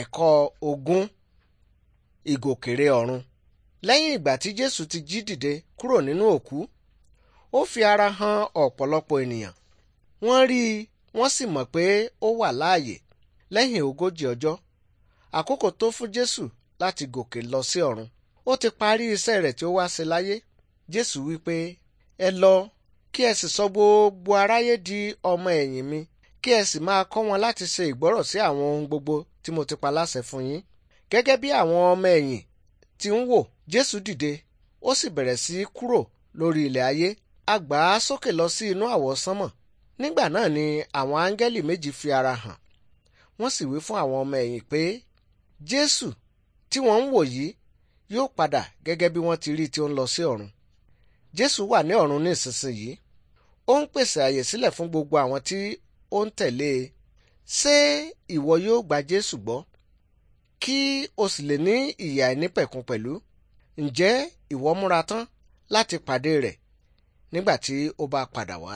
ẹ̀kọ́ ogún ìgòkèrè ọ̀run lẹ́yìn ìgbà tí jésù ti jí dìde kúrò nínú òkú ó fi ara hàn ọ̀pọ̀lọpọ̀ ènìyàn wọ́n rí i wọ́n sì mọ̀ pé ó wà láàyè lẹ́yìn ogójì ọjọ́ àkókò tó fún jésù láti gòkè lọ sí ọ̀run ó ti parí iṣẹ́ rẹ̀ tí ó wá ṣe láyé jésù wí pé ẹ lọ kí ẹ sì sọ gbogbo aráyé di ọmọ ẹ̀yìn mi kí ẹ sì máa kọ́ wọn láti ṣe ìgbọ́rọ̀ sí àwọn ohun gbogbo tí mo ti pa láṣẹ fún yín. gẹ́gẹ́ bí àwọn ọmọ ẹ̀yìn ti ń wò jésù dìde ó sì bẹ̀rẹ̀ sí í kúrò lórí ilẹ̀ ayé a gbà á sókè lọ sí inú àwọsánmọ̀ nígbà náà ni àwọn áńgẹ́lì méjì fi ara hàn wọ́n sì wí fún àwọn ọmọ ẹ̀yìn pé jésù tí wọ́n ń wò yìí yóò padà gẹ́gẹ́ bí wọ́n ti rí tí ó ń lọ sí ọ̀run jésù wà ní ọ̀run ní ìsinsìnyí ó ń pèsè àyè sílẹ̀ fún gbogbo àwọn tí ó ń tẹ̀lé e ṣé ìwọ yóò gba Jésù gbọ́ kí o sì lè ní ìyè àìnípẹ̀kun pẹ̀lú ǹjẹ́ ìwọ múra tán láti pàdé rẹ̀ nígbà tí ó bá padà wá.